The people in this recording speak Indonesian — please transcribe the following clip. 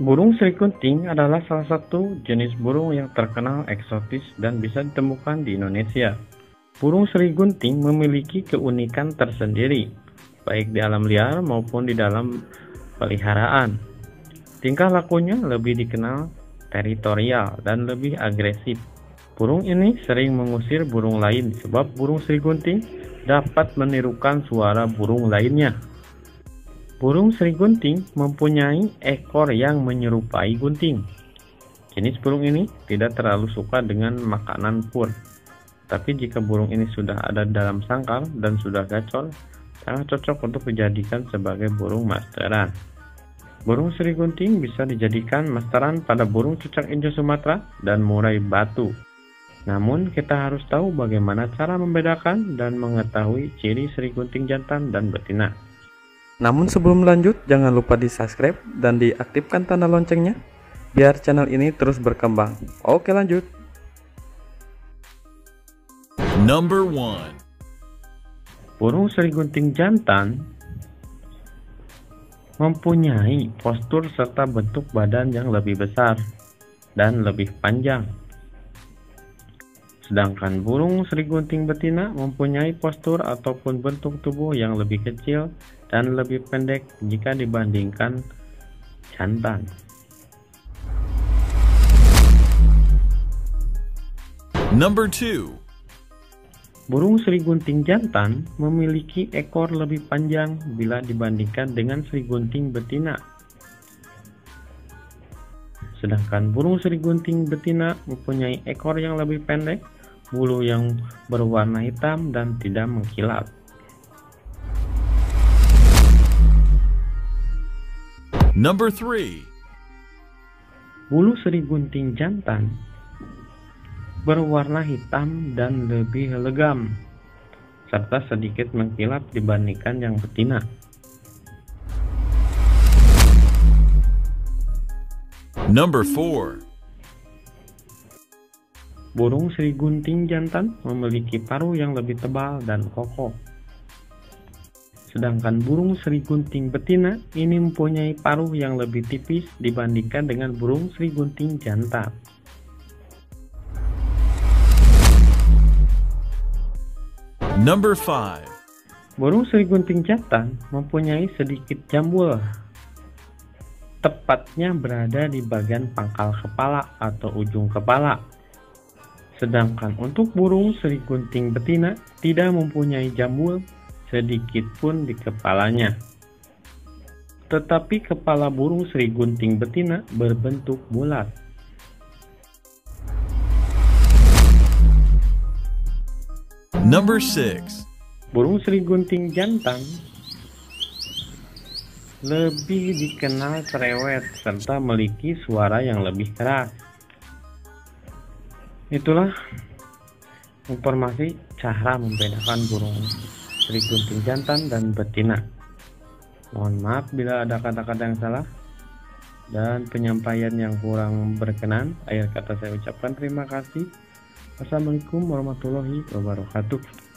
Burung selikunting adalah salah satu jenis burung yang terkenal eksotis dan bisa ditemukan di Indonesia. Burung serigunting memiliki keunikan tersendiri, baik di alam liar maupun di dalam peliharaan. Tingkah lakunya lebih dikenal teritorial dan lebih agresif. Burung ini sering mengusir burung lain sebab burung serigunting dapat menirukan suara burung lainnya. Burung sri gunting mempunyai ekor yang menyerupai gunting. Jenis burung ini tidak terlalu suka dengan makanan pur. Tapi jika burung ini sudah ada dalam sangkar dan sudah gacor, sangat cocok untuk dijadikan sebagai burung masteran. Burung sri gunting bisa dijadikan masteran pada burung cucak injo Sumatera dan murai batu. Namun kita harus tahu bagaimana cara membedakan dan mengetahui ciri sri gunting jantan dan betina. Namun sebelum lanjut, jangan lupa di subscribe dan diaktifkan tanda loncengnya, biar channel ini terus berkembang. Oke lanjut. Number one. Burung serigunting jantan mempunyai postur serta bentuk badan yang lebih besar dan lebih panjang Sedangkan burung serigunting betina mempunyai postur ataupun bentuk tubuh yang lebih kecil dan lebih pendek jika dibandingkan jantan. Number 2 Burung serigunting jantan memiliki ekor lebih panjang bila dibandingkan dengan serigunting betina. Sedangkan burung serigunting betina mempunyai ekor yang lebih pendek bulu yang berwarna hitam dan tidak mengkilap. Number 3 Bulu seri gunting jantan berwarna hitam dan lebih legam serta sedikit mengkilap dibandingkan yang betina. Number 4 Burung sri gunting jantan memiliki paruh yang lebih tebal dan kokoh. Sedangkan burung sri gunting betina ini mempunyai paruh yang lebih tipis dibandingkan dengan burung sri gunting jantan. Number 5 Burung sri gunting jantan mempunyai sedikit jambul tepatnya berada di bagian pangkal kepala atau ujung kepala Sedangkan untuk burung seri gunting betina tidak mempunyai jambul sedikit pun di kepalanya. Tetapi kepala burung seri gunting betina berbentuk bulat. Number 6. Burung seri gunting jantan lebih dikenal cerewet serta memiliki suara yang lebih keras itulah informasi cara membedakan burung gunting jantan dan betina. Mohon maaf bila ada kata-kata yang salah dan penyampaian yang kurang berkenan. Akhir kata saya ucapkan terima kasih. Assalamualaikum warahmatullahi wabarakatuh.